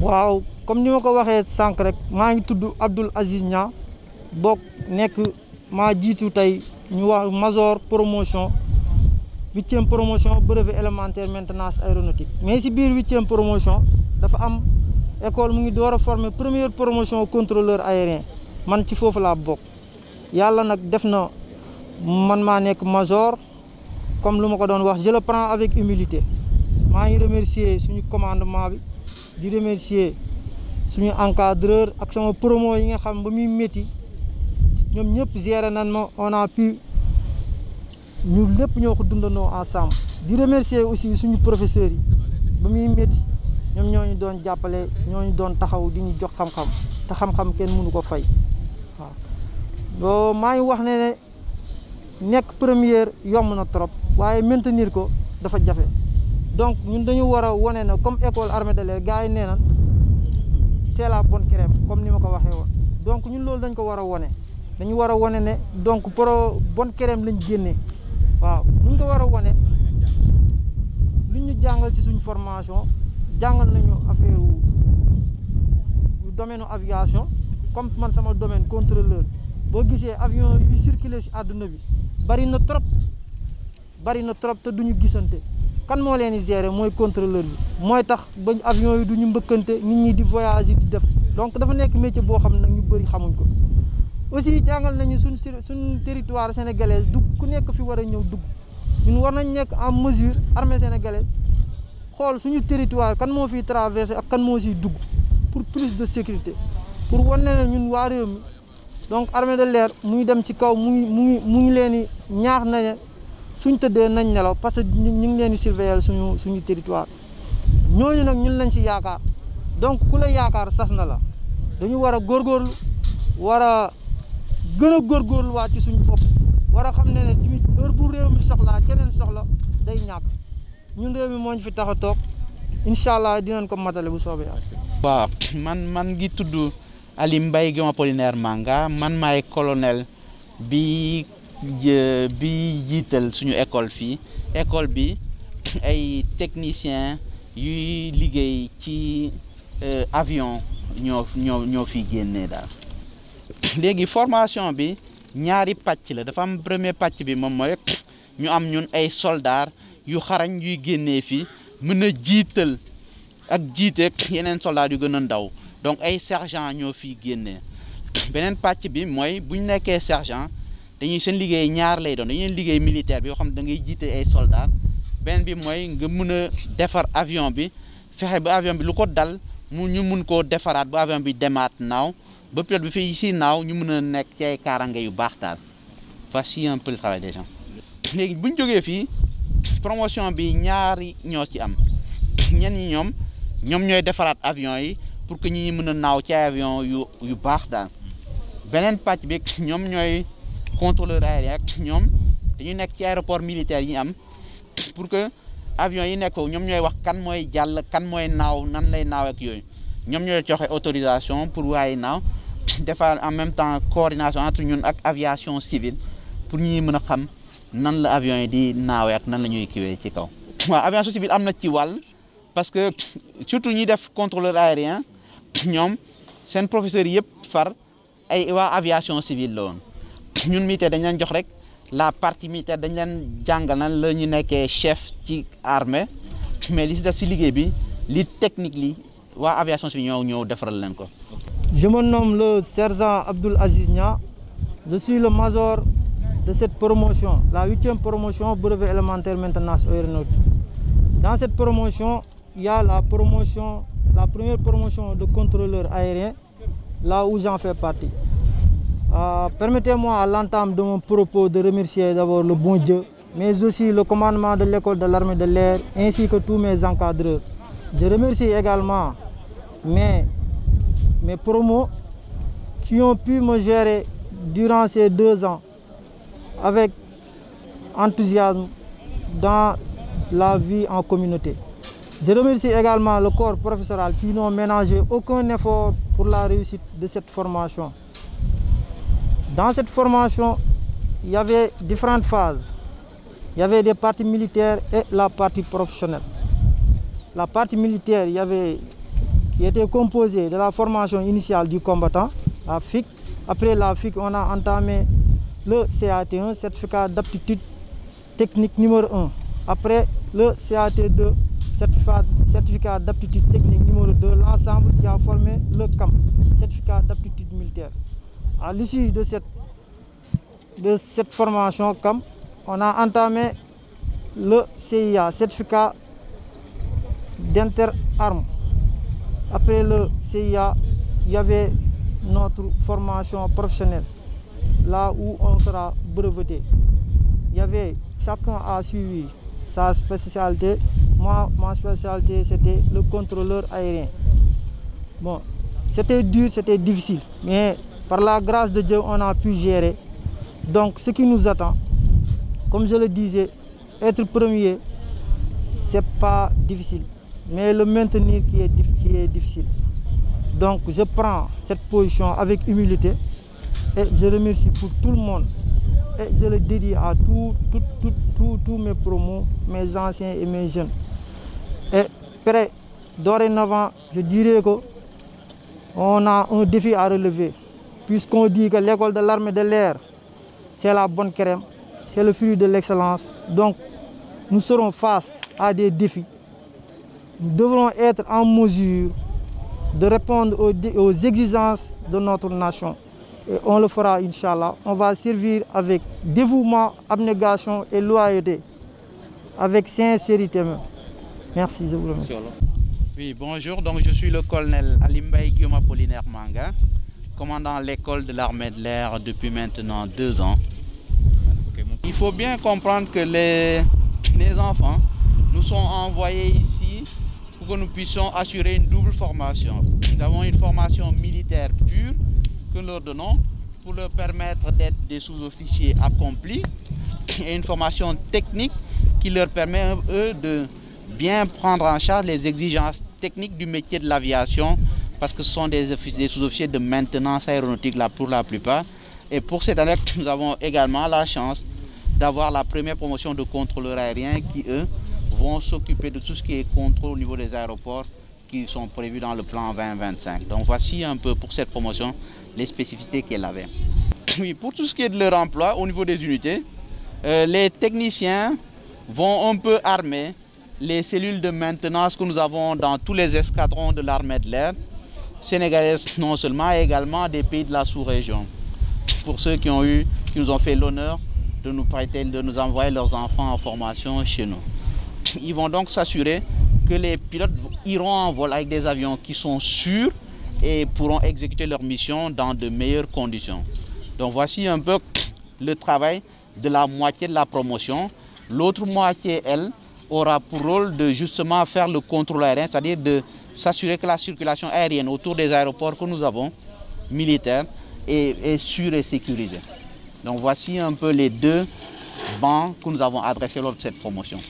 waaw comme ni ma ko waxee sànq rek maa ngi tudd Abdoul Aziz Niang bokk nekk maa jiitu tey ñu wax major promotion huitième promotion brevet élémentaire maintenance aéronautique mais si biir huitième promotion dafa am école mu ngi door a former première promotion contrôleur aérien man ci foofu laa bokk yàlla nag def na man maa nekk major comme lu ma ko doon wax je le prends avec humilité maa ngi remercier suñu commandement bi di remercier suñu encadreur ak sama promo yi nga xam ba muy métti ñoom ñëpp géré nan ma on a pu ñu lépp ñoo ko dundandoo ensemble di remercier aussi suñu professeurs yi ba muy métti ñoom ñoo ñu doon jàppale ñoo ñu doon taxaw di ñu jox xam-xam te xam-xam kenn munu ko fay waaw maa ngi wax ne nekk première yomb na trop waaye maintenir ko dafa jafe donc ñun dañu war a wane na comme école armée de l'air gars yi nee na c'est la bonne crème comme ni ma ko waxee woon donc ñun loolu dañ ko war a wane dañu war a wane ne donc pro bonne crème lañ génnee waaw ñu ko war a wane lu ñu jàngal ci suñu formation jàngal nañu affaire wu domaine aviation comme man sama domaine contrôleur boo gisee avion yu circulé si àdduna bi bari na trop bari na trop te du ñu gisante kan moo leen di gérer mooy contrôleur bi mooy tax ba avion yi du ñu mbëkkante nit ñi di voyage di def donc dafa nekk métier boo xam ne nag ñu bëri xamuñ ko aussi jàngal nañu suñ suñ territoire sénégalais dugg ku nekk fi war a ñëw dugg ñun war nañ nekk en mesure armée sénégalaise xool suñu territoire kan moo fiy traversé ak kan moo si dugg pour plus de sécurité pour wane ne ñun waa réew donc armée de l'air mu ngi dem ci kaw mu mu ngi mu ngi leen ñaax na suñ tëddee nañ nelaw parce que ñu ngi leen di surveiller suñu suñu territoire ñooñu nag ñun lañ si yaakaar donc ku la yaakaar sas na la dañu war a góorgóorlu war a gën a góorgóorluwaat ci suñu bopp war a xam ne ne tamit heure bu réew mi soxlaa keneen soxla day ñàkk ñun réew mi moo ñu fi tax a toog incha allah dinañ ko matale bu soobee waaw man man ngi tudd Ali mbay Mbaye polinaire Apollinaire nga man maay colonel bi bi jiital suñu école fii école bi ay technicien yuy liggéey ci euh, avion ñoo ñoo ñoo fiy génnee daal léegi formation bi ñaari pàcc la dafa am premier pàcc bi moom mooy ñu am ñun ay soldaar yu xarañ yuy génnee fii mën a jiital ak jiite yeneen soldaar yu gën a ndaw donc ay sergent ñoo fiy génnee beneen pàcc bi mooy bu nekkee sergent dañuy seen liggéey ñaar lay doon dañuy liggéey militaire bi yoo xam ne da ngay jiite ay soldat beneen bi mooy nga mun a defar avion bi fexe ba avion bi lu ko dal mu ñu mun koo defaraat bu avion bi demaat naaw ba pilote bi fii si naaw ñu mun a nekk ci ay kaaraange yu baax daal voici un peu le travail des gens. léegi bu ñu jógee fii promotion bi ñaari ñoo ci am ñenn ñi ñoom ñoom ñooy defaraat avion yi pour que ñi mën a naaw ci ay avion yu yu baax daal beneen pàcc ñoom ñooy. contrôleur aérien ak ñoom dañuy nekk ci aéroport militaire yi ñu am pour que avion yi nekk ñoom ñooy wax kan mooy jàll kan mooy naaw nan lay naaw ak yooyu ñoom ñooy joxe autorisation pour waaye naaw defar en même temps coordination entre ñun ak aviation civile pour ñuy mën a xam nan la avion yi di naawee ak nan la ñuy kiwee ci kaw. waaw aviation civile am na ci wàll parce que surtout ñi def contrôleur aérien ñoom seen professeurs yëpp far ay waa aviation civile loon ñun militaire dañ leen jox rek la partie militaire dañ leen jàngal nan la ñu nekkee chef ci armée mais li si des si liggéey bi li technique li waa aviation civile ñoo ñëw defaral leen ko. Je me nomme le sergent Abdoul Aziz Nia. Je suis le major de cette promotion, la huitième promotion brevet élémentaire maintenance aéronautique. Dans cette promotion, il y la promotion, la première promotion de contrôleur aérien, la où j'en fais partie. Euh, Permettez-moi à l'entame de mon propos de remercier d'abord le bon Dieu, mais aussi le commandement de l'école de l'armée de l'air ainsi que tous mes encadreurs. Je remercie également mes, mes promos qui ont pu me gérer durant ces deux ans avec enthousiasme dans la vie en communauté. Je remercie également le corps professoral qui n'ont ménagé aucun effort pour la réussite de cette formation. Dans cette formation, il y avait différentes phases. Il y avait des parties militaires et la partie professionnelle. La partie militaire, il y avait qui était composée de la formation initiale du combattant, la FIC. Après la FIC, on a entamé le CAT1, certificat d'aptitude technique numéro 1. Après le CAT2, certificat d'aptitude technique numéro de l'ensemble qui a formé le CAM, certificat d'aptitude militaire. À l'issue de cette, de cette formation CAM, on a entamé le CIA, certificat d'interarmes. Après le CIA, y avait notre formation professionnelle, là où on sera breveté. Il y avait, chacun a suivi sa spécialité. Moi, ma spécialité, c'était le contrôleur aérien. Bon, c'était dur, c'était difficile, mais Par la grâce de Dieu, on a pu gérer. Donc ce qui nous attend, comme je le disais, être premier, ce n'est pas difficile. Mais le maintenir qui est, difficile. Donc je prends cette position avec humilité et je remercie pour tout le monde. Et je le dédie à tous tout, tout, tout, tout, mes promos, mes anciens et mes jeunes. Et près, dorénavant, je dirais qu'on a un défi à relever. puisqu'on dit que l'école de l'armée de l'air, c'est la bonne crème, c'est le fruit de l'excellence. Donc, nous serons face à des défis. Nous devrons être en mesure de répondre aux, aux exigences de notre nation. Et on le fera, Inch'Allah. On va servir avec dévouement, abnégation et loyauté, avec sincérité même. Merci, je suis le colonel Alimbaï Guillaume Apollinaire Manga. commandant l'école de l'armée de l'air depuis maintenant deux ans. Il faut bien comprendre que les, les enfants nous sont envoyés ici pour que nous puissions assurer une double formation. Nous avons une formation militaire pure que nous leur donnons pour leur permettre d'être des sous-officiers accomplis et une formation technique qui leur permet, eux, de bien prendre en charge les exigences techniques du métier de l'aviation parce que ce des, des sous-officiers de maintenance aéronautique là, pour la plupart. Et pour cette année, nous avons de contrôleurs aériens de tout ce qui est contrôle au niveau des aéroports qui le plan 2025. Donc voici un peu pour cette promotion les spécificités qu'elle avait. Oui, pour au niveau des unités, euh, les techniciens vont un peu armer de maintenance que nous dans tous les escadrons de l'armée de l'air sénégalaise non seulement, également des pays de la sous-région. Pour ceux qui ont eu, qui nous ont fait l'honneur de nous envoyer leurs enfants en formation chez nous. Ils vont donc s'assurer que les pilotes iront en vol avec des avions qui sont sûrs et pourront exécuter leur mission dans de meilleures conditions. Donc voici un peu le travail de la moitié de la promotion. L'autre moitié, elle, aura pour rôle de justement faire le contrôle aérien, c'est-à-dire s'assurer que la circulation aérienne autour des aéroports que nous avons, militaires, est, est sûre et sécurisée. Donc voici un peu les deux bancs que nous avons adressés lors de cette promotion.